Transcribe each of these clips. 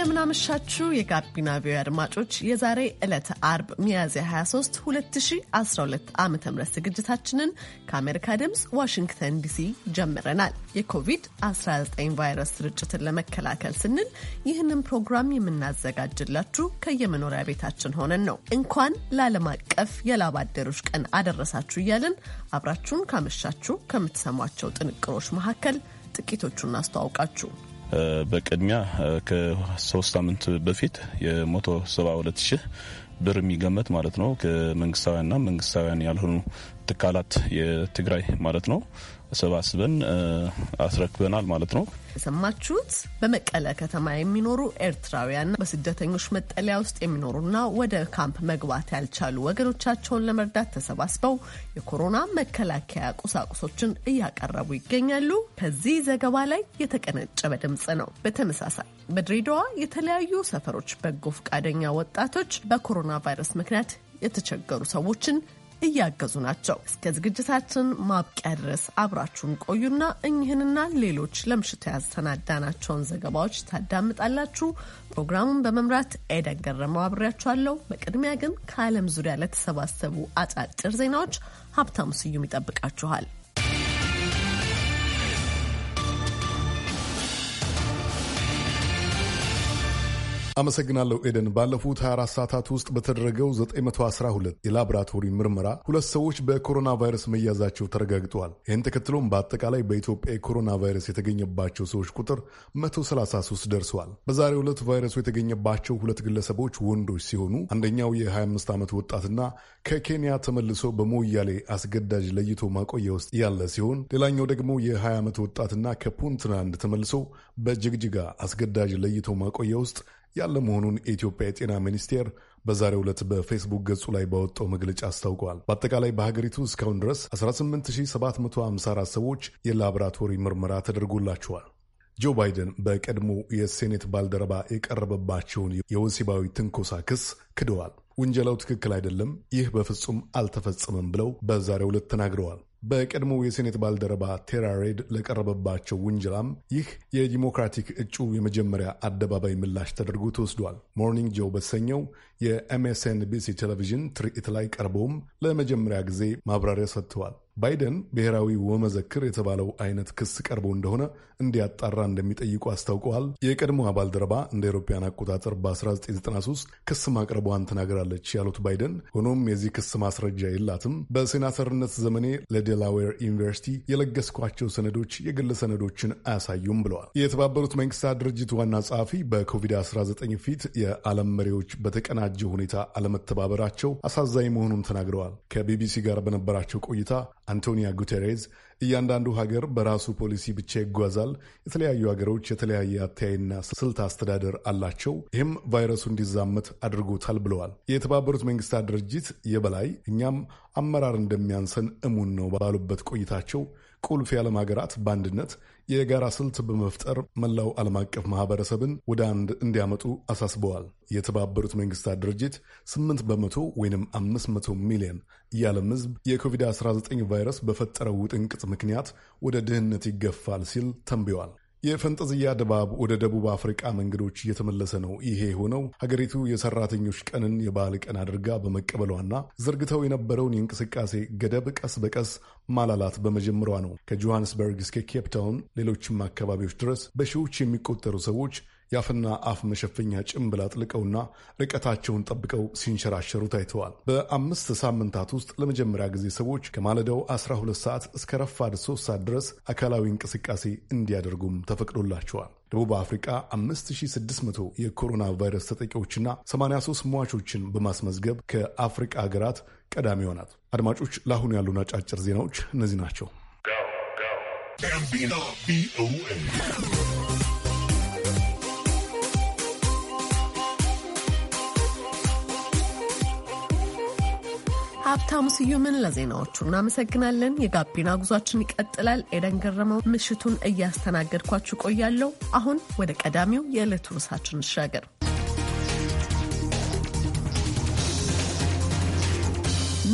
እንደምናመሻችሁ የጋቢና ቪዮ አድማጮች የዛሬ ዕለት አርብ ሚያዝያ 23 2012 ዓ ም ዝግጅታችንን ከአሜሪካ ድምፅ ዋሽንግተን ዲሲ ጀምረናል። የኮቪድ-19 ቫይረስ ስርጭትን ለመከላከል ስንል ይህንን ፕሮግራም የምናዘጋጅላችሁ ከየመኖሪያ ቤታችን ሆነን ነው። እንኳን ለዓለም አቀፍ የላብ አደሮች ቀን አደረሳችሁ እያልን አብራችሁን ካመሻችሁ ከምትሰሟቸው ጥንቅሮች መካከል ጥቂቶቹን አስተዋውቃችሁ በቅድሚያ ከሶስት ሳምንት በፊት የሞቶ ሰባ ሁለት ሺህ ብር የሚገመት ማለት ነው ከመንግስታውያንና መንግስታውያን ያልሆኑ ትካላት የትግራይ ማለት ነው ሰባስበን አስረክበናል ማለት ነው። የሰማችሁት በመቀለ ከተማ የሚኖሩ ኤርትራውያንና በስደተኞች መጠለያ ውስጥ የሚኖሩና ወደ ካምፕ መግባት ያልቻሉ ወገኖቻቸውን ለመርዳት ተሰባስበው የኮሮና መከላከያ ቁሳቁሶችን እያቀረቡ ይገኛሉ። ከዚህ ዘገባ ላይ የተቀነጨበ ድምፅ ነው። በተመሳሳይ በድሬዳዋ የተለያዩ ሰፈሮች በጎ ፈቃደኛ ወጣቶች በኮሮና ቫይረስ ምክንያት የተቸገሩ ሰዎችን እያገዙ ናቸው። እስከ ዝግጅታችን ማብቂያ ድረስ አብራችሁን ቆዩና እኚህንና ሌሎች ለምሽቱ ያሰናዳናቸውን ዘገባዎች ታዳምጣላችሁ። ፕሮግራሙን በመምራት ኤደን ገረመው አብሬያችኋለሁ። በቅድሚያ ግን ከዓለም ዙሪያ ለተሰባሰቡ አጫጭር ዜናዎች ሀብታሙ ስዩም ይጠብቃችኋል። አመሰግናለሁ ኤደን። ባለፉት 24 ሰዓታት ውስጥ በተደረገው 912 የላቦራቶሪ ምርመራ ሁለት ሰዎች በኮሮና ቫይረስ መያዛቸው ተረጋግጠዋል። ይህን ተከትሎም በአጠቃላይ በኢትዮጵያ የኮሮና ቫይረስ የተገኘባቸው ሰዎች ቁጥር 133 ደርሰዋል። በዛሬው ዕለት ቫይረሱ የተገኘባቸው ሁለት ግለሰቦች ወንዶች ሲሆኑ አንደኛው የ25 ዓመት ወጣትና ከኬንያ ተመልሶ በሞያሌ አስገዳጅ ለይቶ ማቆያ ውስጥ ያለ ሲሆን ሌላኛው ደግሞ የ20 ዓመት ወጣትና ከፑንትላንድ ተመልሶ በጅግጅጋ አስገዳጅ ለይቶ ማቆያ ውስጥ ያለ መሆኑን የኢትዮጵያ የጤና ሚኒስቴር በዛሬው ዕለት በፌስቡክ ገጹ ላይ ባወጣው መግለጫ አስታውቋል። በአጠቃላይ በሀገሪቱ እስካሁን ድረስ 18754 ሰዎች የላቦራቶሪ ምርመራ ተደርጎላቸዋል። ጆ ባይደን በቀድሞ የሴኔት ባልደረባ የቀረበባቸውን የወሲባዊ ትንኮሳ ክስ ክደዋል። ውንጀላው ትክክል አይደለም፣ ይህ በፍጹም አልተፈጸመም ብለው በዛሬው ዕለት ተናግረዋል። በቀድሞው የሴኔት ባልደረባ ቴራ ሬድ ለቀረበባቸው ውንጀላም ይህ የዲሞክራቲክ እጩ የመጀመሪያ አደባባይ ምላሽ ተደርጎ ተወስዷል። ሞርኒንግ ጆው በተሰኘው የኤምኤስኤንቢሲ ቴሌቪዥን ትርኢት ላይ ቀርበውም ለመጀመሪያ ጊዜ ማብራሪያ ሰጥተዋል። ባይደን ብሔራዊ ወመዘክር የተባለው አይነት ክስ ቀርቦ እንደሆነ እንዲያጣራ እንደሚጠይቁ አስታውቀዋል። የቀድሞ ባልደረባ እንደ አውሮፓውያን አቆጣጠር በ1993 ክስ ማቅረቧን ተናግራለች ያሉት ባይደን ሆኖም የዚህ ክስ ማስረጃ የላትም፣ በሴናተርነት ዘመኔ ለዴላዌር ዩኒቨርሲቲ የለገስኳቸው ሰነዶች የግል ሰነዶችን አያሳዩም ብለዋል። የተባበሩት መንግስታት ድርጅት ዋና ጸሐፊ በኮቪድ-19 ፊት የዓለም መሪዎች በተቀናጀ ሁኔታ አለመተባበራቸው አሳዛኝ መሆኑን ተናግረዋል። ከቢቢሲ ጋር በነበራቸው ቆይታ አንቶኒያ ጉቴሬዝ እያንዳንዱ ሀገር በራሱ ፖሊሲ ብቻ ይጓዛል፣ የተለያዩ ሀገሮች የተለያየ አተያይና ስልት አስተዳደር አላቸው፣ ይህም ቫይረሱ እንዲዛመት አድርጎታል ብለዋል። የተባበሩት መንግስታት ድርጅት የበላይ እኛም አመራር እንደሚያንሰን እሙን ነው ባሉበት ቆይታቸው ቁልፍ የዓለም ሀገራት በአንድነት የጋራ ስልት በመፍጠር መላው ዓለም አቀፍ ማህበረሰብን ወደ አንድ እንዲያመጡ አሳስበዋል። የተባበሩት መንግስታት ድርጅት 8 በመቶ ወይም 500 ሚሊዮን የዓለም ህዝብ የኮቪድ-19 ቫይረስ በፈጠረው ውጥንቅጥ ምክንያት ወደ ድህነት ይገፋል ሲል ተንብዋል። የፈንጠዝያ ድባብ ወደ ደቡብ አፍሪቃ መንገዶች እየተመለሰ ነው። ይሄ የሆነው ሀገሪቱ የሰራተኞች ቀንን የባህል ቀን አድርጋ በመቀበሏና ዘርግተው የነበረውን የእንቅስቃሴ ገደብ ቀስ በቀስ ማላላት በመጀመሯ ነው። ከጆሃንስበርግ እስከ ኬፕታውን ሌሎችም አካባቢዎች ድረስ በሺዎች የሚቆጠሩ ሰዎች የአፍና አፍ መሸፈኛ ጭንብል አጥልቀውና ርቀታቸውን ጠብቀው ሲንሸራሸሩ ታይተዋል። በአምስት ሳምንታት ውስጥ ለመጀመሪያ ጊዜ ሰዎች ከማለዳው 12 ሰዓት እስከ ረፋድ 3 ሰዓት ድረስ አካላዊ እንቅስቃሴ እንዲያደርጉም ተፈቅዶላቸዋል። ደቡብ አፍሪካ 5600 የኮሮና ቫይረስ ተጠቂዎችና 83 ሟቾችን በማስመዝገብ ከአፍሪካ ሀገራት ቀዳሚ ይሆናት። አድማጮች፣ ለአሁኑ ያሉን አጫጭር ዜናዎች እነዚህ ናቸው። ሀብታሙ ስዩምን ለዜናዎቹ እናመሰግናለን። የጋቢና ጉዟችን ይቀጥላል። ኤደን ገረመው ምሽቱን እያስተናገድኳችሁ ቆያለሁ። አሁን ወደ ቀዳሚው የዕለቱ ርዕሳችን እንሻገር።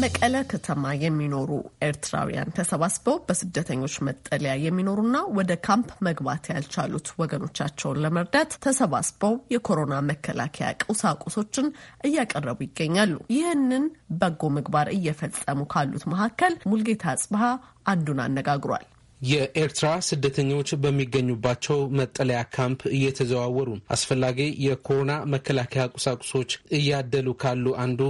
መቀለ ከተማ የሚኖሩ ኤርትራውያን ተሰባስበው በስደተኞች መጠለያ የሚኖሩና ወደ ካምፕ መግባት ያልቻሉት ወገኖቻቸውን ለመርዳት ተሰባስበው የኮሮና መከላከያ ቁሳቁሶችን እያቀረቡ ይገኛሉ። ይህንን በጎ ምግባር እየፈጸሙ ካሉት መካከል ሙልጌታ አጽብሃ አንዱን አነጋግሯል። የኤርትራ ስደተኞች በሚገኙባቸው መጠለያ ካምፕ እየተዘዋወሩ አስፈላጊ የኮሮና መከላከያ ቁሳቁሶች እያደሉ ካሉ አንዱ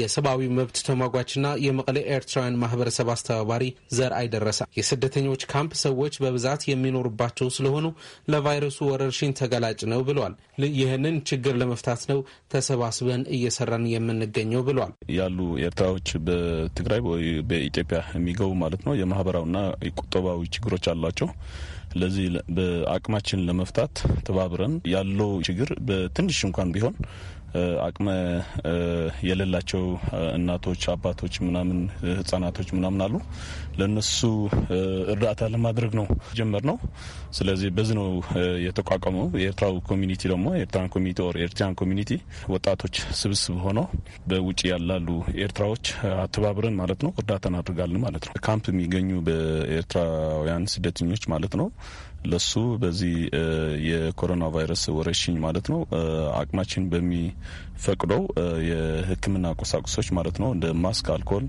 የሰብአዊ መብት ተሟጓችና የመቀሌ ኤርትራውያን ማህበረሰብ አስተባባሪ ዘር አይደረሳ የስደተኞች ካምፕ ሰዎች በብዛት የሚኖሩባቸው ስለሆኑ ለቫይረሱ ወረርሽኝ ተጋላጭ ነው ብለዋል። ይህንን ችግር ለመፍታት ነው ተሰባስበን እየሰራን የምንገኘው ብሏል። ያሉ ኤርትራዎች በትግራይ ወይ በኢትዮጵያ የሚገቡ ማለት ነው የማህበራዊና ቁጠባዊ ችግሮች አሏቸው። ለዚህ በአቅማችን ለመፍታት ተባብረን ያለው ችግር በትንሽ እንኳን ቢሆን አቅመ የሌላቸው እናቶች፣ አባቶች ምናምን ህጻናቶች ምናምን አሉ። ለነሱ እርዳታ ለማድረግ ነው ጀመር ነው። ስለዚህ በዚህ ነው የተቋቋመው። የኤርትራው ኮሚኒቲ ደግሞ ኤርትራን ኮሚኒቲ ኦር ኤርትራን ኮሚኒቲ ወጣቶች ስብስብ ሆነው በውጭ ያላሉ ኤርትራዎች አተባብረን ማለት ነው እርዳታ እናድርጋለን ማለት ነው። ካምፕ የሚገኙ በኤርትራውያን ስደተኞች ማለት ነው ለሱ በዚህ የኮሮና ቫይረስ ወረርሽኝ ማለት ነው አቅማችን በሚፈቅደው የሕክምና ቁሳቁሶች ማለት ነው እንደ ማስክ፣ አልኮል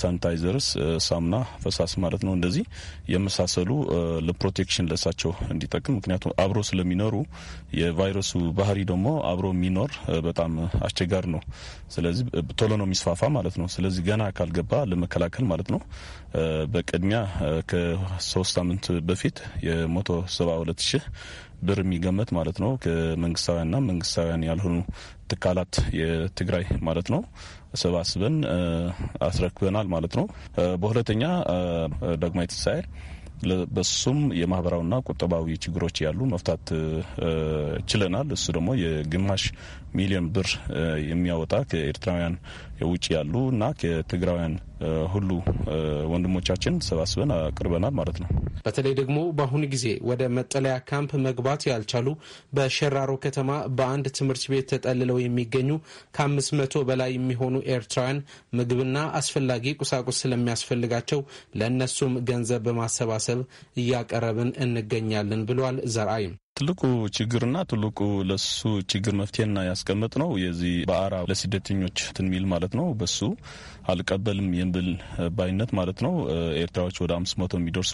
ሳኒታይዘርስ፣ ሳሙና ፈሳስ ማለት ነው እንደዚህ የመሳሰሉ ለፕሮቴክሽን ለሳቸው እንዲጠቅም ምክንያቱም አብሮ ስለሚኖሩ የቫይረሱ ባህሪ ደግሞ አብሮ የሚኖር በጣም አስቸጋሪ ነው። ስለዚህ ቶሎ ነው የሚስፋፋ ማለት ነው። ስለዚህ ገና ካልገባ ለመከላከል ማለት ነው በቅድሚያ ከሶስት ሳምንት በፊት የሞቶ ሰባ ሁለት ሺህ ብር የሚገመት ማለት ነው ከመንግስታውያንና መንግስታውያን ያልሆኑ ትካላት የትግራይ ማለት ነው ሰባስበን አስረክበናል ማለት ነው። በሁለተኛ ዳግማዊ ትንሳኤ በሱም የማህበራዊና ቁጠባዊ ችግሮች ያሉ መፍታት ችለናል። እሱ ደግሞ የግማሽ ሚሊዮን ብር የሚያወጣ ከኤርትራውያን ውጭ ያሉ እና ከትግራውያን ሁሉ ወንድሞቻችን ሰባስበን አቅርበናል ማለት ነው። በተለይ ደግሞ በአሁኑ ጊዜ ወደ መጠለያ ካምፕ መግባት ያልቻሉ በሸራሮ ከተማ በአንድ ትምህርት ቤት ተጠልለው የሚገኙ ከአምስት መቶ በላይ የሚሆኑ ኤርትራውያን ምግብና አስፈላጊ ቁሳቁስ ስለሚያስፈልጋቸው ለእነሱም ገንዘብ በማሰባሰብ እያቀረብን እንገኛለን ብሏል። ዘርአይም ትልቁ ችግርና ትልቁ ለሱ ችግር መፍትሄና ያስቀመጥ ነው የዚህ በአራ ለስደተኞች ትንሚል ማለት ነው በሱ አልቀበልም የንብል ባይነት ማለት ነው። ኤርትራዎች ወደ አምስት መቶ የሚደርሱ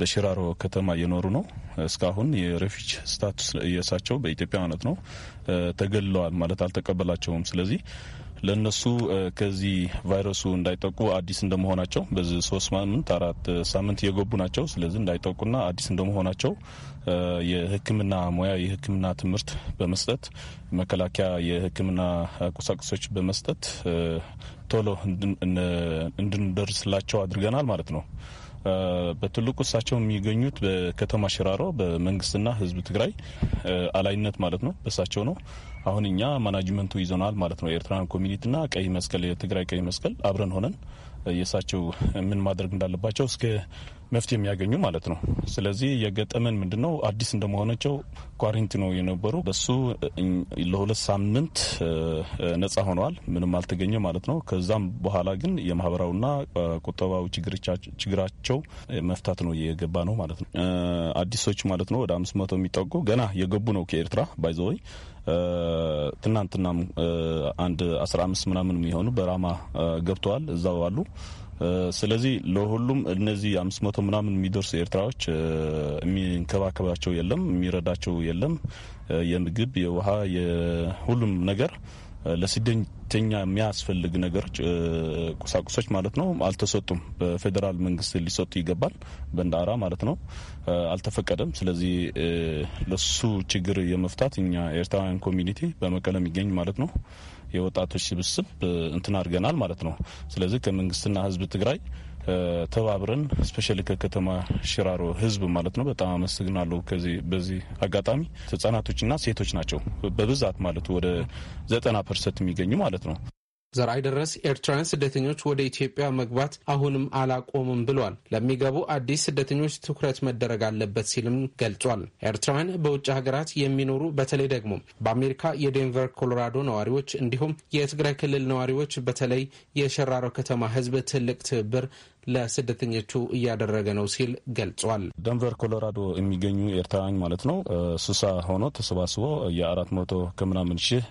በሽራሮ ከተማ እየኖሩ ነው። እስካሁን የሬፊጅ ስታቱስ እየሳቸው በኢትዮጵያ ማለት ነው ተገልለዋል ማለት አልተቀበላቸውም። ስለዚህ ለእነሱ ከዚህ ቫይረሱ እንዳይጠቁ አዲስ እንደመሆናቸው በዚህ ሶስት ሳምንት አራት ሳምንት እየገቡ ናቸው። ስለዚህ እንዳይጠቁና አዲስ እንደመሆናቸው የሕክምና ሙያ የሕክምና ትምህርት በመስጠት መከላከያ የሕክምና ቁሳቁሶች በመስጠት ቶሎ እንድንደርስላቸው አድርገናል ማለት ነው። በትልቁ እሳቸው የሚገኙት በከተማ ሽራሮ በመንግስትና ህዝብ ትግራይ አላይነት ማለት ነው። በእሳቸው ነው። አሁን እኛ ማናጅመንቱ ይዘናል ማለት ነው። የኤርትራን ኮሚኒቲና ቀይ መስቀል የትግራይ ቀይ መስቀል አብረን ሆነን የእሳቸው ምን ማድረግ እንዳለባቸው እስከ መፍትሄ የሚያገኙ ማለት ነው። ስለዚህ የገጠመን ምንድነው አዲስ እንደመሆናቸው ኳረንቲኖ የነበሩ በሱ ለሁለት ሳምንት ነጻ ሆነዋል። ምንም አልተገኘ ማለት ነው። ከዛም በኋላ ግን የማህበራዊና ቁጠባዊ ችግራቸው መፍታት ነው የገባ ነው ማለት ነው። አዲሶች ማለት ነው ወደ አምስት መቶ የሚጠጉ ገና የገቡ ነው ከኤርትራ ባይዘወይ ትናንትናም አንድ አስራ አምስት ምናምን የሚሆኑ በራማ ገብተዋል፣ እዛው አሉ። ስለዚህ ለሁሉም እነዚህ አምስት መቶ ምናምን የሚደርሱ ኤርትራዎች የሚንከባከባቸው የለም፣ የሚረዳቸው የለም። የምግብ የውሃ የሁሉም ነገር ለስደኝ ሁለተኛ የሚያስፈልግ ነገር ቁሳቁሶች ማለት ነው አልተሰጡም። በፌዴራል መንግስት ሊሰጡ ይገባል። በንዳራ ማለት ነው አልተፈቀደም። ስለዚህ ለሱ ችግር የመፍታት እኛ ኤርትራውያን ኮሚኒቲ በመቀለ የሚገኝ ማለት ነው የወጣቶች ስብስብ እንትን አድርገናል ማለት ነው። ስለዚህ ከመንግስትና ህዝብ ትግራይ ተባብረን ስፔሻሊ ከከተማ ሽራሮ ህዝብ ማለት ነው በጣም አመሰግናለሁ። ከዚህ በዚህ አጋጣሚ ህጻናቶችና ሴቶች ናቸው በብዛት ማለት ወደ ዘጠና ፐርሰንት የሚገኙ ማለት ነው። ዘርአይ ደረስ ኤርትራውያን ስደተኞች ወደ ኢትዮጵያ መግባት አሁንም አላቆምም ብሏል። ለሚገቡ አዲስ ስደተኞች ትኩረት መደረግ አለበት ሲልም ገልጿል። ኤርትራውያን በውጭ ሀገራት የሚኖሩ በተለይ ደግሞ በአሜሪካ የዴንቨር ኮሎራዶ ነዋሪዎች እንዲሁም የትግራይ ክልል ነዋሪዎች በተለይ የሸራሮ ከተማ ህዝብ ትልቅ ትብብር ለስደተኞቹ እያደረገ ነው ሲል ገልጿል። ደንቨር ኮሎራዶ የሚገኙ ኤርትራውያን ማለት ነው ስሳ ሆኖ ተሰባስቦ የአራት መቶ ከምናምን ሺህ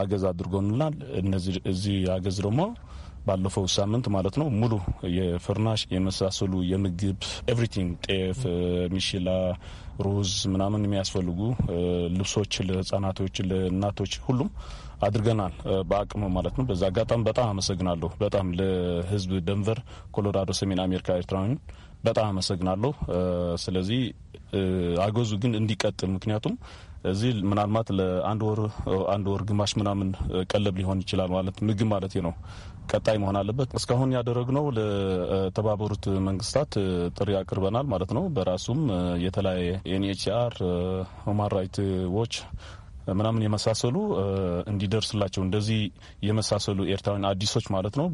አገዝ አድርጎንላል። እዚህ አገዝ ደግሞ ባለፈው ሳምንት ማለት ነው ሙሉ የፍርናሽ የመሳሰሉ የምግብ ኤቭሪቲንግ ጤፍ፣ ሚሽላ፣ ሩዝ ምናምን የሚያስፈልጉ ልብሶች ለህጻናቶች፣ ለእናቶች ሁሉም አድርገናል በአቅሙ ማለት ነው። በዛ አጋጣሚ በጣም አመሰግናለሁ። በጣም ለህዝብ ደንቨር ኮሎራዶ፣ ሰሜን አሜሪካ ኤርትራውያን በጣም አመሰግናለሁ። ስለዚህ አገዙ ግን እንዲቀጥል ምክንያቱም እዚህ ምናልባት ለአንድ ወር አንድ ወር ግማሽ ምናምን ቀለብ ሊሆን ይችላል ማለት ምግብ ማለት ነው። ቀጣይ መሆን አለበት። እስካሁን ያደረግነው ለተባበሩት መንግስታት ጥሪ አቅርበናል ማለት ነው። በራሱም የተለያየ ኤንኤችአር፣ ሁማን ራይት ዎች ምናምን የመሳሰሉ እንዲደርስላቸው እንደዚህ የመሳሰሉ ኤርትራውያን አዲሶች ማለት ነው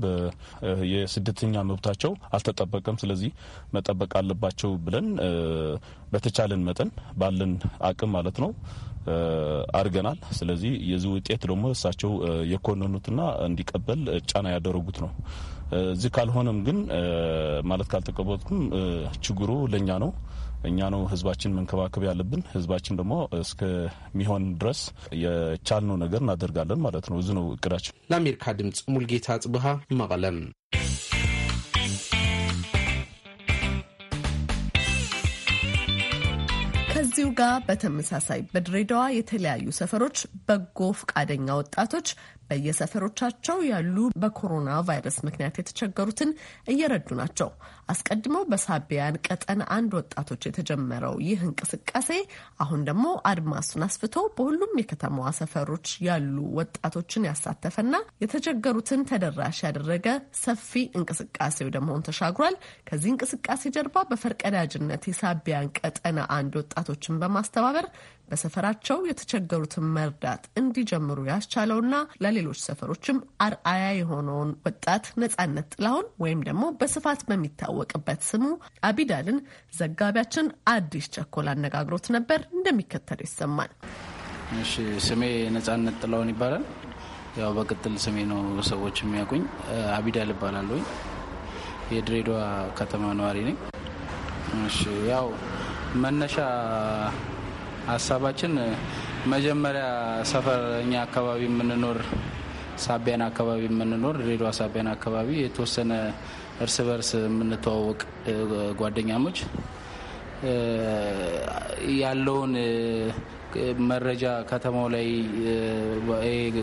የስደተኛ መብታቸው አልተጠበቀም። ስለዚህ መጠበቅ አለባቸው ብለን በተቻለን መጠን ባለን አቅም ማለት ነው አድርገናል። ስለዚህ የዚህ ውጤት ደግሞ እሳቸው የኮነኑትና እንዲቀበል ጫና ያደረጉት ነው። እዚህ ካልሆነም ግን ማለት ካልተቀበልኩም ችግሩ ለእኛ ነው። እኛ ነው ህዝባችን መንከባከብ ያለብን። ህዝባችን ደግሞ እስከሚሆን ድረስ የቻልነው ነገር እናደርጋለን ማለት ነው። እዚህ ነው እቅዳችን። ለአሜሪካ ድምጽ ሙልጌታ ጽብሃ መቀለም ከዚሁ ጋር በተመሳሳይ በድሬዳዋ የተለያዩ ሰፈሮች በጎ ፈቃደኛ ወጣቶች በየሰፈሮቻቸው ያሉ በኮሮና ቫይረስ ምክንያት የተቸገሩትን እየረዱ ናቸው። አስቀድመው በሳቢያን ቀጠን አንድ ወጣቶች የተጀመረው ይህ እንቅስቃሴ አሁን ደግሞ አድማሱን አስፍቶ በሁሉም የከተማዋ ሰፈሮች ያሉ ወጣቶችን ያሳተፈና የተቸገሩትን ተደራሽ ያደረገ ሰፊ እንቅስቃሴ ወደ ተሻግሯል። ከዚህ እንቅስቃሴ ጀርባ በፈርቀዳጅነት የሳቢያን ቀጠና አንድ ወጣቶች ድርጅቶችን በማስተባበር በሰፈራቸው የተቸገሩትን መርዳት እንዲጀምሩ ያስቻለውና ለሌሎች ሰፈሮችም አርአያ የሆነውን ወጣት ነጻነት ጥላሁን ወይም ደግሞ በስፋት በሚታወቅበት ስሙ አቢዳልን ዘጋቢያችን አዲስ ቸኮል አነጋግሮት ነበር። እንደሚከተል ይሰማል። እሺ፣ ስሜ ነጻነት ጥላሁን ይባላል። ያው በቅጥል ስሜ ነው ሰዎች የሚያውቁኝ። አቢዳል ወይ የድሬዳዋ ከተማ ነዋሪ ነኝ። እሺ ያው መነሻ ሀሳባችን መጀመሪያ ሰፈር እኛ አካባቢ የምንኖር ሳቢያን አካባቢ የምንኖር ድሬዳዋ ሳቢያን አካባቢ የተወሰነ እርስ በርስ የምንተዋወቅ ጓደኛሞች ያለውን መረጃ ከተማው ላይ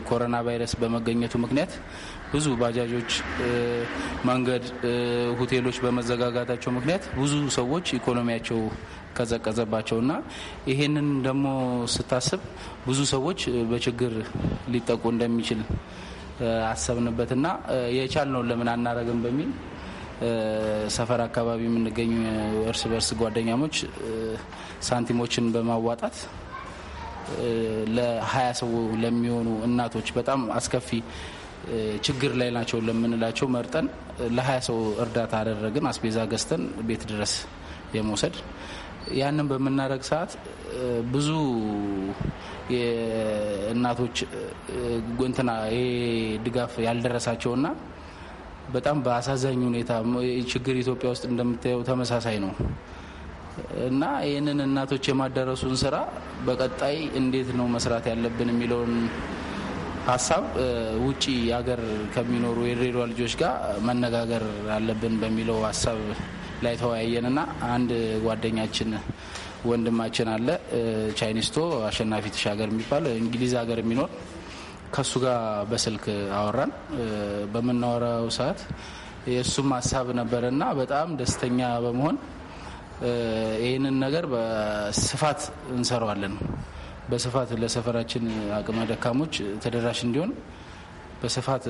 ኮሮና ቫይረስ በመገኘቱ ምክንያት ብዙ ባጃጆች፣ መንገድ፣ ሆቴሎች በመዘጋጋታቸው ምክንያት ብዙ ሰዎች ኢኮኖሚያቸው ቀዘቀዘባቸው እና ይሄንን ደግሞ ስታስብ ብዙ ሰዎች በችግር ሊጠቁ እንደሚችል አሰብንበት እና የቻልነውን ለምን አናረግም በሚል ሰፈር አካባቢ የምንገኙ እርስ በርስ ጓደኛሞች ሳንቲሞችን በማዋጣት ለሀያ ሰው ለሚሆኑ እናቶች በጣም አስከፊ ችግር ላይ ናቸው ለምንላቸው መርጠን ለሀያ ሰው እርዳታ አደረግን። አስቤዛ ገዝተን ቤት ድረስ የመውሰድ ያንን በምናደረግ ሰዓት ብዙ እናቶች ጎንትና ይሄ ድጋፍ ያልደረሳቸውና በጣም በአሳዛኝ ሁኔታ ችግር ኢትዮጵያ ውስጥ እንደምታየው ተመሳሳይ ነው። እና ይህንን እናቶች የማዳረሱን ስራ በቀጣይ እንዴት ነው መስራት ያለብን የሚለውን ሀሳብ ውጪ ሀገር ከሚኖሩ የድሬዳዋ ልጆች ጋር መነጋገር አለብን በሚለው ሀሳብ ላይ ተወያየንና አንድ ጓደኛችን ወንድማችን አለ ቻይኒስቶ አሸናፊ ተሻገር የሚባል እንግሊዝ ሀገር የሚኖር ከእሱ ጋር በስልክ አወራን። በምናወራው ሰዓት የእሱም ሀሳብ ነበርና በጣም ደስተኛ በመሆን ይህንን ነገር በስፋት እንሰራዋለን። በስፋት ለሰፈራችን አቅመ ደካሞች ተደራሽ እንዲሆን በስፋት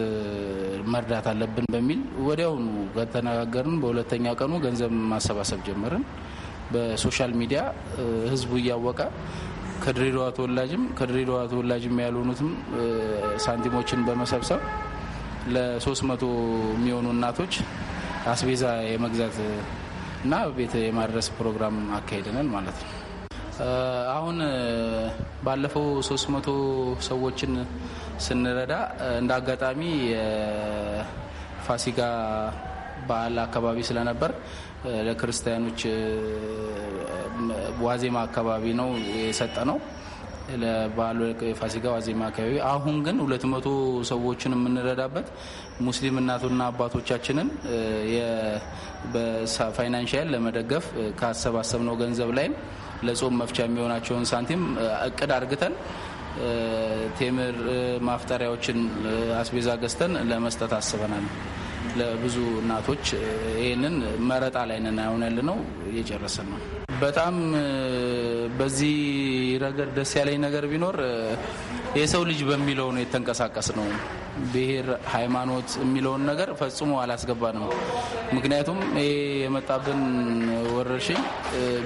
መርዳት አለብን በሚል ወዲያውኑ ተነጋገርን በሁለተኛ ቀኑ ገንዘብ ማሰባሰብ ጀመርን። በሶሻል ሚዲያ ህዝቡ እያወቀ ከድሬዳዋ ተወላጅም ከድሬዳዋ ተወላጅም ያልሆኑትም ሳንቲሞችን በመሰብሰብ ለሶስት መቶ የሚሆኑ እናቶች አስቤዛ የመግዛት እና ቤት የማድረስ ፕሮግራም አካሄደናል ማለት ነው። አሁን ባለፈው 300 ሰዎችን ስንረዳ እንደ አጋጣሚ የፋሲጋ በዓል አካባቢ ስለነበር ለክርስቲያኖች ዋዜማ አካባቢ ነው የሰጠ ነው። ለባሉ የፋሲካ ዋዜማ አካባቢ። አሁን ግን ሁለት መቶ ሰዎችን የምንረዳበት ሙስሊም እናቶና አባቶቻችንን ፋይናንሽያል ለመደገፍ ካሰባሰብነው ገንዘብ ላይም ለጾም መፍቻ የሚሆናቸውን ሳንቲም እቅድ አድርግተን ቴምር ማፍጠሪያዎችን አስቤዛ ገዝተን ለመስጠት አስበናል። ለብዙ እናቶች ይህንን መረጣ ላይ ነን። አሁን ነው እየጨረሰን ነው። በጣም በዚህ ረገድ ደስ ያለኝ ነገር ቢኖር የሰው ልጅ በሚለው ነው የተንቀሳቀስ ነው። ብሔር፣ ሃይማኖት የሚለውን ነገር ፈጽሞ አላስገባንም። ምክንያቱም ይሄ የመጣብን ወረርሽኝ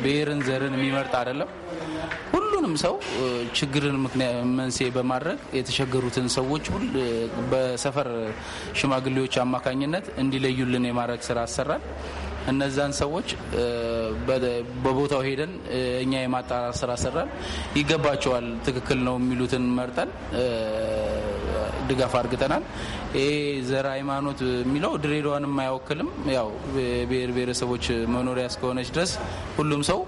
ብሔርን፣ ዘርን የሚመርጥ አይደለም። ሁሉንም ሰው ችግርን መንስኤ በማድረግ የተቸገሩትን ሰዎች ሁሉ በሰፈር ሽማግሌዎች አማካኝነት እንዲለዩልን የማድረግ ስራ አሰራል። እነዛን ሰዎች በቦታው ሄደን እኛ የማጣራት ስራ ሰራን። ይገባቸዋል ትክክል ነው የሚሉትን መርጠን ድጋፍ አርግጠናል። ይሄ ዘር ሃይማኖት የሚለው ድሬዳዋንም አይወክልም። ያው ብሔር ብሔረሰቦች መኖሪያ እስከሆነች ድረስ ሁሉም ሰው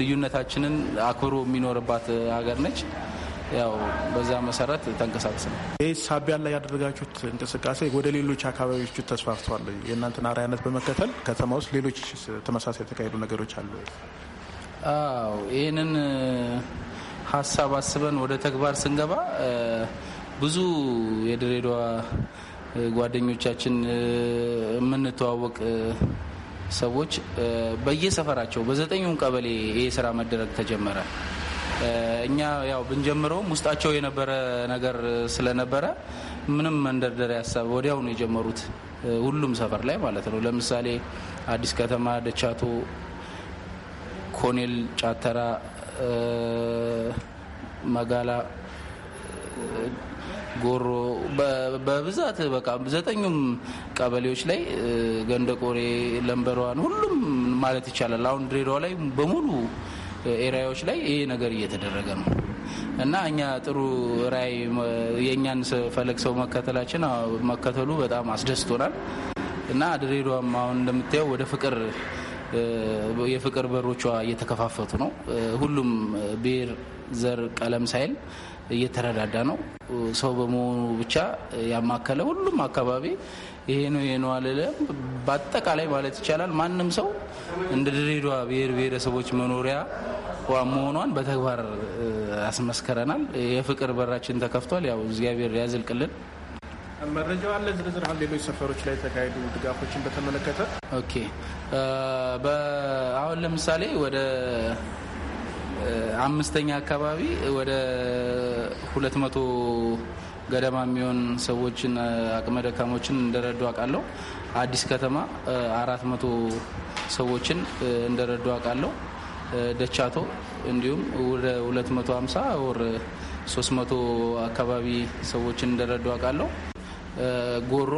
ልዩነታችንን አክብሮ የሚኖርባት ሀገር ነች። ያው በዛ መሰረት ተንቀሳቀስ ነው። ይህ ሳቢያን ላይ ያደረጋችሁት እንቅስቃሴ ወደ ሌሎች አካባቢዎች ተስፋፍቷል። የእናንተን አርአያነት በመከተል ከተማ ውስጥ ሌሎች ተመሳሳይ የተካሄዱ ነገሮች አሉ። ይህንን ሀሳብ አስበን ወደ ተግባር ስንገባ ብዙ የድሬዳዋ ጓደኞቻችን የምንተዋወቅ ሰዎች በየሰፈራቸው በዘጠኙም ቀበሌ ይህ ስራ መደረግ ተጀመረ። እኛ ያው ብንጀምረውም ውስጣቸው የነበረ ነገር ስለነበረ ምንም መንደርደሪያ ሀሳብ ወዲያው ነው የጀመሩት። ሁሉም ሰፈር ላይ ማለት ነው። ለምሳሌ አዲስ ከተማ፣ ደቻቶ፣ ኮኔል፣ ጫተራ፣ መጋላ፣ ጎሮ በብዛት በቃ ዘጠኙም ቀበሌዎች ላይ ገንደቆሬ፣ ለንበሯን ሁሉም ማለት ይቻላል። አሁን ድሬዳዋ ላይ በሙሉ ኤሪያዎች ላይ ይሄ ነገር እየተደረገ ነው እና እኛ ጥሩ ራይ የእኛን ፈለግ ሰው መከተላችን መከተሉ በጣም አስደስቶናል እና ድሬዳዋም አሁን እንደምታየው ወደ ፍቅር የፍቅር በሮቿ እየተከፋፈቱ ነው። ሁሉም ብሔር ዘር፣ ቀለም ሳይል እየተረዳዳ ነው። ሰው በመሆኑ ብቻ ያማከለ ሁሉም አካባቢ ይሄ ነው ይሄ ነው አለለ። በአጠቃላይ ማለት ይቻላል ማንም ሰው እንደ ድሬዳዋ ብሔር ብሔረሰቦች መኖሪያ መሆኗን በተግባር አስመስከረናል። የፍቅር በራችን ተከፍቷል። ያው እግዚአብሔር ያዝልቅልን። መረጃው አለ ዝርዝር። ሌሎች ሰፈሮች ላይ የተካሄዱ ድጋፎችን በተመለከተ ኦኬ። አሁን ለምሳሌ ወደ አምስተኛ አካባቢ ወደ ሁለት መቶ ገደማ የሚሆን ሰዎችን አቅመ ደካሞችን እንደረዱ አውቃለሁ። አዲስ ከተማ አራት መቶ ሰዎችን እንደረዱ አውቃለሁ። ደቻቶ እንዲሁም ወደ 250 ወር 300 አካባቢ ሰዎችን እንደረዱ አውቃለሁ። ጎሮ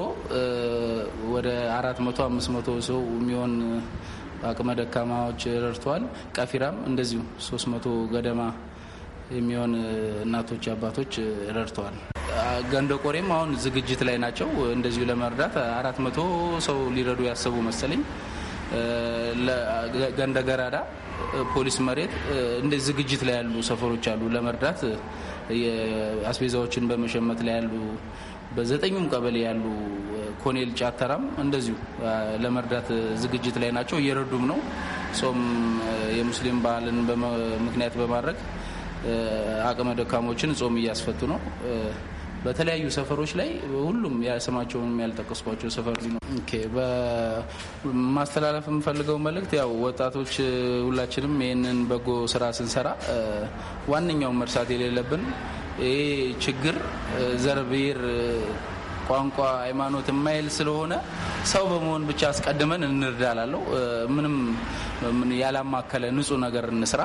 ወደ 400 500 ሰው የሚሆን አቅመ ደካማዎች ረድተዋል። ቀፊራም እንደዚሁ ሶስት መቶ ገደማ የሚሆን እናቶች አባቶች ረድተዋል። ገንደ ቆሬም አሁን ዝግጅት ላይ ናቸው እንደዚሁ ለመርዳት አራት መቶ ሰው ሊረዱ ያሰቡ መሰለኝ። ገንደ ገራዳ ፖሊስ መሬት እንደ ዝግጅት ላይ ያሉ ሰፈሮች አሉ ለመርዳት አስቤዛዎችን በመሸመት ላይ ያሉ በዘጠኙም ቀበሌ ያሉ ኮኔል ጫተራም እንደዚሁ ለመርዳት ዝግጅት ላይ ናቸው፣ እየረዱም ነው። ጾም የሙስሊም ባህልን ምክንያት በማድረግ አቅመ ደካሞችን ጾም እያስፈቱ ነው። በተለያዩ ሰፈሮች ላይ ሁሉም ስማቸውን ያልጠቀስኳቸው ሰፈር ሊኖር ማስተላለፍ የምፈልገው መልእክት ያው ወጣቶች ሁላችንም ይህንን በጎ ስራ ስንሰራ ዋነኛውን መርሳት የሌለብን ይህ ችግር ዘር ብሔር ቋንቋ፣ ሃይማኖት የማይል ስለሆነ ሰው በመሆን ብቻ አስቀድመን እንርዳላለሁ። ምንም ያላማከለ ንጹህ ነገር እንስራ።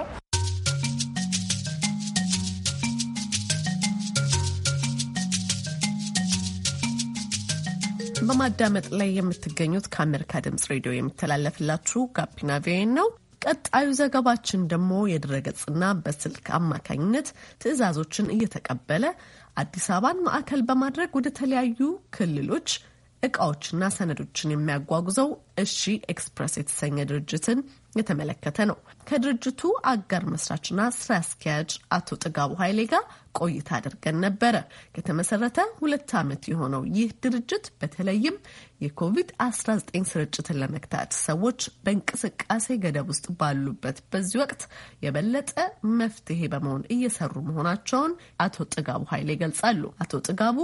በማዳመጥ ላይ የምትገኙት ከአሜሪካ ድምጽ ሬዲዮ የሚተላለፍላችሁ ጋቢና ቪኦኤ ነው። ቀጣዩ ዘገባችን ደግሞ የድረገጽና በስልክ አማካኝነት ትዕዛዞችን እየተቀበለ አዲስ አበባን ማዕከል በማድረግ ወደ ተለያዩ ክልሎች እቃዎችና ሰነዶችን የሚያጓጉዘው እሺ ኤክስፕረስ የተሰኘ ድርጅትን የተመለከተ ነው። ከድርጅቱ አጋር መስራችና ስራ አስኪያጅ አቶ ጥጋቡ ኃይሌ ጋር ቆይታ አድርገን ነበረ። ከተመሰረተ ሁለት ዓመት የሆነው ይህ ድርጅት በተለይም የኮቪድ-19 ስርጭትን ለመግታት ሰዎች በእንቅስቃሴ ገደብ ውስጥ ባሉበት በዚህ ወቅት የበለጠ መፍትሄ በመሆን እየሰሩ መሆናቸውን አቶ ጥጋቡ ኃይሌ ይገልጻሉ። አቶ ጥጋቡ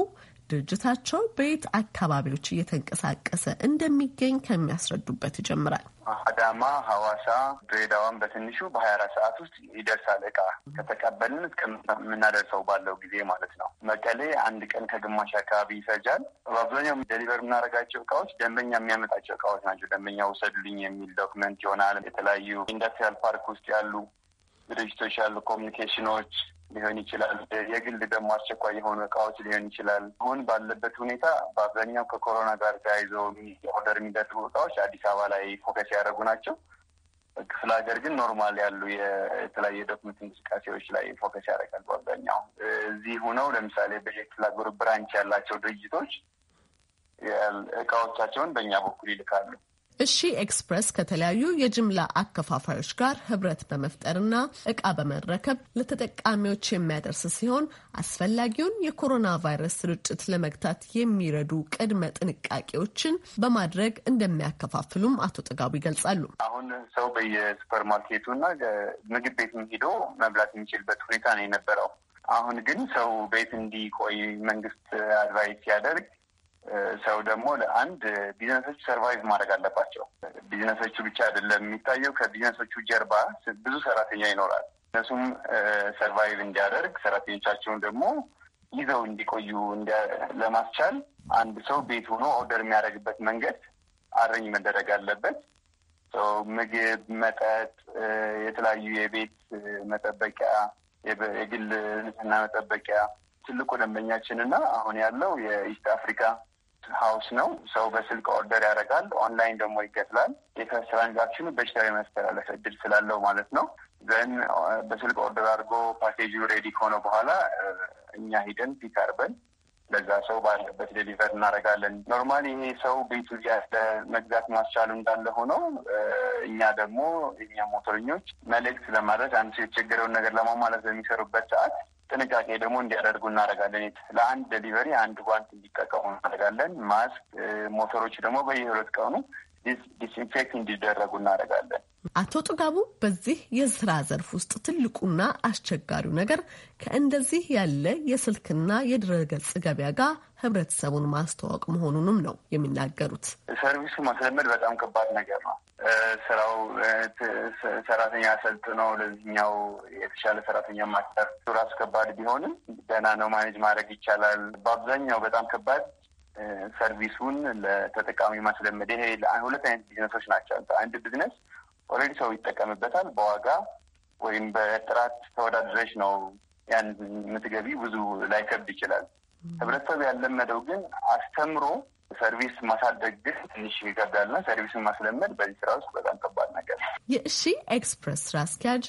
ድርጅታቸው በየት አካባቢዎች እየተንቀሳቀሰ እንደሚገኝ ከሚያስረዱበት ይጀምራል። አዳማ፣ ሐዋሳ፣ ድሬዳዋን በትንሹ በሀያ አራት ሰዓት ውስጥ ይደርሳል እቃ ከተቀበልን እስከምናደርሰው ባለው ጊዜ ማለት ነው። መቀሌ አንድ ቀን ከግማሽ አካባቢ ይፈጃል። በአብዛኛው ደሊቨር የምናደርጋቸው እቃዎች ደንበኛ የሚያመጣቸው እቃዎች ናቸው። ደንበኛ ውሰዱልኝ የሚል ዶክመንት ይሆናል። የተለያዩ ኢንዱስትሪያል ፓርክ ውስጥ ያሉ ድርጅቶች ያሉ ኮሚኒኬሽኖች ሊሆን ይችላል፣ የግል ደግሞ አስቸኳይ የሆኑ እቃዎች ሊሆን ይችላል። አሁን ባለበት ሁኔታ በአብዛኛው ከኮሮና ጋር ተያይዞ ኦርደር የሚደርጉ እቃዎች አዲስ አበባ ላይ ፎከስ ያደረጉ ናቸው። ክፍለ ሀገር ግን ኖርማል ያሉ የተለያዩ ዶክመንት እንቅስቃሴዎች ላይ ፎከስ ያደርጋል። በአብዛኛው እዚህ ሆነው ለምሳሌ በየክፍለ ሀገሩ ብራንች ያላቸው ድርጅቶች እቃዎቻቸውን በእኛ በኩል ይልካሉ። እሺ ኤክስፕረስ ከተለያዩ የጅምላ አከፋፋዮች ጋር ህብረት በመፍጠርና እቃ በመረከብ ለተጠቃሚዎች የሚያደርስ ሲሆን አስፈላጊውን የኮሮና ቫይረስ ስርጭት ለመግታት የሚረዱ ቅድመ ጥንቃቄዎችን በማድረግ እንደሚያከፋፍሉም አቶ ጥጋቡ ይገልጻሉ። አሁን ሰው በየሱፐር ምግብ ቤት ሄዶ መብላት የሚችልበት ሁኔታ ነው የነበረው። አሁን ግን ሰው ቤት እንዲቆይ መንግስት አድቫይስ ሲያደርግ ሰው ደግሞ ለአንድ ቢዝነሶች ሰርቫይቭ ማድረግ አለባቸው። ቢዝነሶቹ ብቻ አይደለም የሚታየው፣ ከቢዝነሶቹ ጀርባ ብዙ ሰራተኛ ይኖራል። እነሱም ሰርቫይቭ እንዲያደርግ ሰራተኞቻቸውን ደግሞ ይዘው እንዲቆዩ ለማስቻል አንድ ሰው ቤት ሆኖ ኦርደር የሚያደርግበት መንገድ አረኝ መደረግ አለበት። ምግብ፣ መጠጥ፣ የተለያዩ የቤት መጠበቂያ፣ የግል ንጽህና መጠበቂያ ትልቁ ደንበኛችን እና አሁን ያለው የኢስት አፍሪካ ሀውስ ነው። ሰው በስልክ ኦርደር ያደርጋል፣ ኦንላይን ደግሞ ይገጥላል። የካሽ ትራንዛክሽኑ በሽታ የመስተላለፍ እድል ስላለው ማለት ነው። ዘን በስልክ ኦርደር አድርጎ ፓኬጁ ሬዲ ከሆነ በኋላ እኛ ሂደን ፒክ አርበን ለዛ ሰው ባለበት ዴሊቨር እናደርጋለን። ኖርማል ይሄ ሰው ቤቱ ያለ መግዛት ማስቻሉ እንዳለ ሆነው እኛ ደግሞ እኛ ሞተረኞች መልእክት ለማድረስ አንድ ሰው የተቸገረውን ነገር ለማሟላት በሚሰሩበት ሰዓት ጥንቃቄ ደግሞ እንዲያደርጉ እናደርጋለን። ለአንድ ደሊቨሪ አንድ ጓንት እንዲጠቀሙ እናደርጋለን። ማስክ፣ ሞተሮች ደግሞ በየሁለት ቀኑ ዲስኢንፌክት እንዲደረጉ እናደርጋለን። አቶ ጥጋቡ በዚህ የስራ ዘርፍ ውስጥ ትልቁና አስቸጋሪው ነገር ከእንደዚህ ያለ የስልክና የድረገጽ ገበያ ጋር ህብረተሰቡን ማስተዋወቅ መሆኑንም ነው የሚናገሩት። ሰርቪሱ ማስለመድ በጣም ከባድ ነገር ነው። ስራው ሰራተኛ ሰልጥኖ ለዚህኛው የተሻለ ሰራተኛ ማቅጠር ራሱ ከባድ ቢሆንም ገና ነው፣ ማኔጅ ማድረግ ይቻላል። በአብዛኛው በጣም ከባድ ሰርቪሱን ለተጠቃሚ ማስለመድ። ይሄ ሁለት አይነት ቢዝነሶች ናቸው። አንድ ቢዝነስ ኦልሬዲ ሰው ይጠቀምበታል በዋጋ ወይም በጥራት ተወዳድረች ነው ያን ምትገቢ ብዙ ላይከብድ ይችላል። ህብረተሰብ ያለመደው ግን አስተምሮ ሰርቪስ ማሳደግ ግን ትንሽ ይከብዳልና ሰርቪስን ማስለመድ በዚህ ስራ ውስጥ በጣም ከባድ ነገር የእሺ ኤክስፕረስ ስራ አስኪያጅ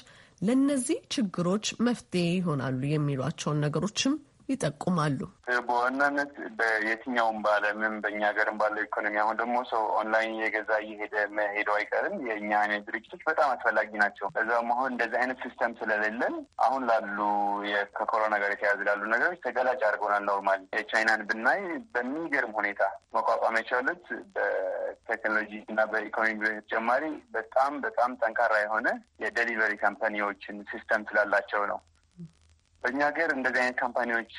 ለእነዚህ ችግሮች መፍትሄ ይሆናሉ የሚሏቸውን ነገሮችም ይጠቁማሉ። በዋናነት በየትኛውም በዓለምም በእኛ ሀገርም ባለው ኢኮኖሚ አሁን ደግሞ ሰው ኦንላይን የገዛ እየሄደ መሄደው አይቀርም። የእኛ አይነት ድርጅቶች በጣም አስፈላጊ ናቸው። እዛም አሁን እንደዚህ አይነት ሲስተም ስለሌለን አሁን ላሉ ከኮሮና ጋር የተያዙ ላሉ ነገሮች ተገላጭ አድርጎናል። ኖርማል የቻይናን ብናይ በሚገርም ሁኔታ መቋቋም የቻሉት በቴክኖሎጂ እና በኢኮኖሚ በተጨማሪ በጣም በጣም ጠንካራ የሆነ የደሊቨሪ ካምፓኒዎችን ሲስተም ስላላቸው ነው። በእኛ ሀገር እንደዚህ አይነት ካምፓኒዎች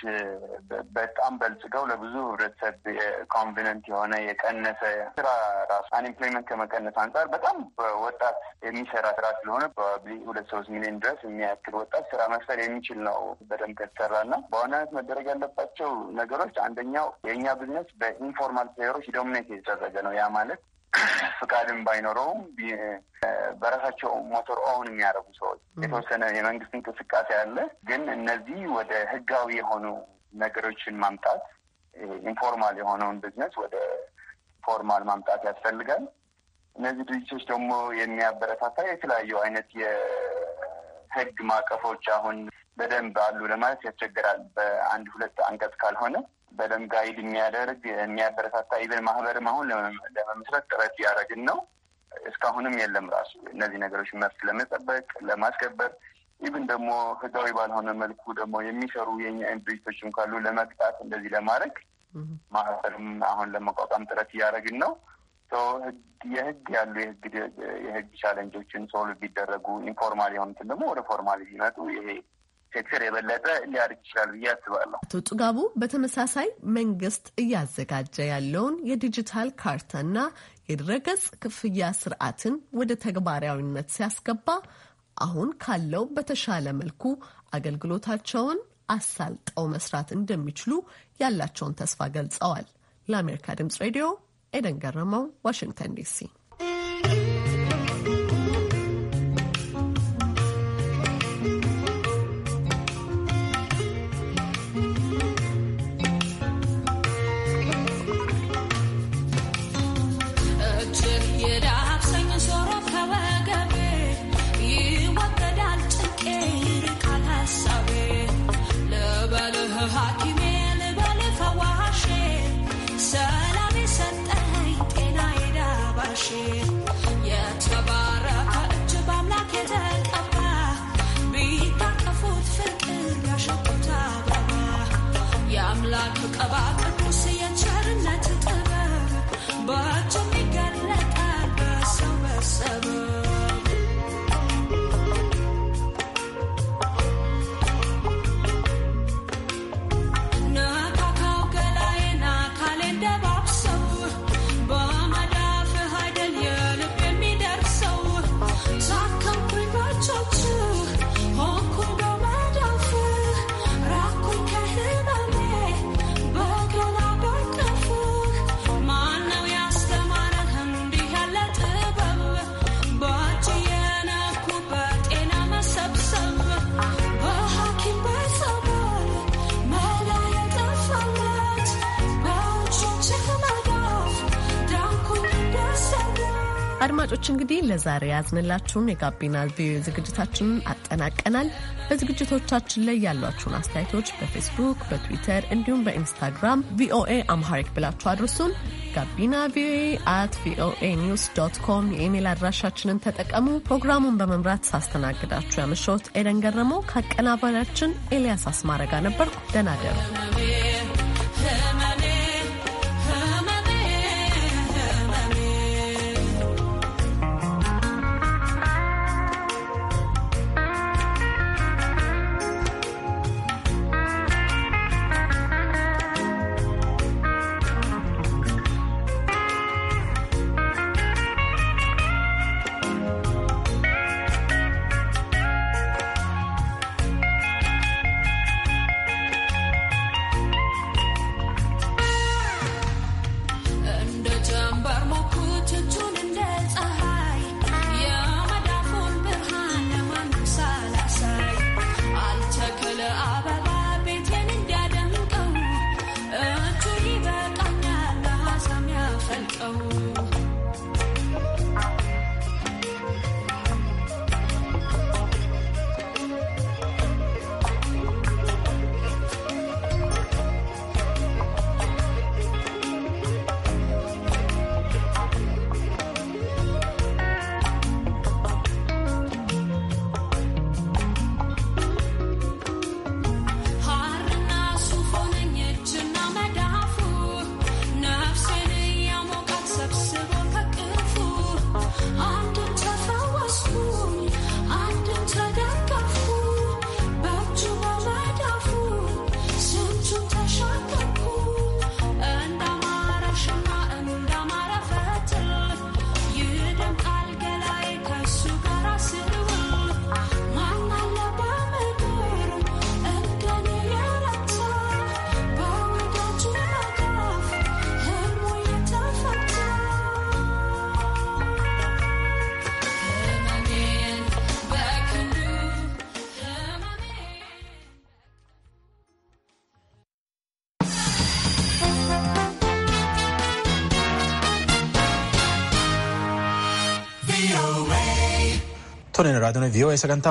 በጣም በልጽገው ለብዙ ህብረተሰብ ኮንቨነንት የሆነ የቀነሰ ስራ ራሱ አንኤምፕሎይመንት ከመቀነስ አንጻር በጣም ወጣት የሚሰራ ስራ ስለሆነ ሁለት ሶስት ሚሊዮን ድረስ የሚያክል ወጣት ስራ መፍጠር የሚችል ነው በደንብ ከተሰራ እና በዋናነት መደረግ ያለባቸው ነገሮች አንደኛው የእኛ ቢዝነስ በኢንፎርማል ፕሌየሮች ዶሚኔት የተደረገ ነው። ያ ማለት ፍቃድም ባይኖረውም በራሳቸው ሞተር ኦን የሚያደርጉ ሰዎች የተወሰነ የመንግስት እንቅስቃሴ አለ። ግን እነዚህ ወደ ህጋዊ የሆኑ ነገሮችን ማምጣት ኢንፎርማል የሆነውን ቢዝነስ ወደ ፎርማል ማምጣት ያስፈልጋል። እነዚህ ድርጅቶች ደግሞ የሚያበረታታ የተለያዩ አይነት የህግ ማዕቀፎች አሁን በደንብ አሉ ለማለት ያስቸግራል። በአንድ ሁለት አንቀጽ ካልሆነ በደንብ ጋይድ የሚያደርግ የሚያበረታታ ኢቨን ማህበርም አሁን ለመመስረት ጥረት እያደረግን ነው። እስካሁንም የለም ራሱ እነዚህ ነገሮች መብት ለመጠበቅ ለማስከበር ኢቭን ደግሞ ህጋዊ ባልሆነ መልኩ ደግሞ የሚሰሩ የኛ ድርጅቶችም ካሉ ለመቅጣት እንደዚህ ለማድረግ ማህበርም አሁን ለመቋቋም ጥረት እያደረግን ነው። የህግ ያሉ የህግ ቻለንጆችን ሶልቭ ቢደረጉ ኢንፎርማል የሆኑትን ደግሞ ወደ ፎርማል ቢመጡ ይሄ ሴክተር የበለጠ ሊያድግ ይችላል ብዬ አስባለሁ። አቶ ጥጋቡ በተመሳሳይ መንግስት እያዘጋጀ ያለውን የዲጂታል ካርታና የድረገጽ ክፍያ ስርዓትን ወደ ተግባራዊነት ሲያስገባ አሁን ካለው በተሻለ መልኩ አገልግሎታቸውን አሳልጠው መስራት እንደሚችሉ ያላቸውን ተስፋ ገልጸዋል። ለአሜሪካ ድምጽ ሬዲዮ ኤደን ገረመው፣ ዋሽንግተን ዲሲ አድማጮች እንግዲህ ለዛሬ ያዝንላችሁን የጋቢና ቪኦኤ ዝግጅታችንን አጠናቀናል። በዝግጅቶቻችን ላይ ያሏችሁን አስተያየቶች በፌስቡክ፣ በትዊተር እንዲሁም በኢንስታግራም ቪኦኤ አምሃሪክ ብላችሁ አድርሱን። ጋቢና ቪኦኤ አት ቪኦኤ ኒውስ ዶት ኮም የኢሜይል አድራሻችንን ተጠቀሙ። ፕሮግራሙን በመምራት ሳስተናግዳችሁ ያመሸሁት ኤደን ገረመው ከአቀናባሪያችን ኤልያስ አስማረጋ ነበርኩ። ደህና ደሩ። con il radio nel VOA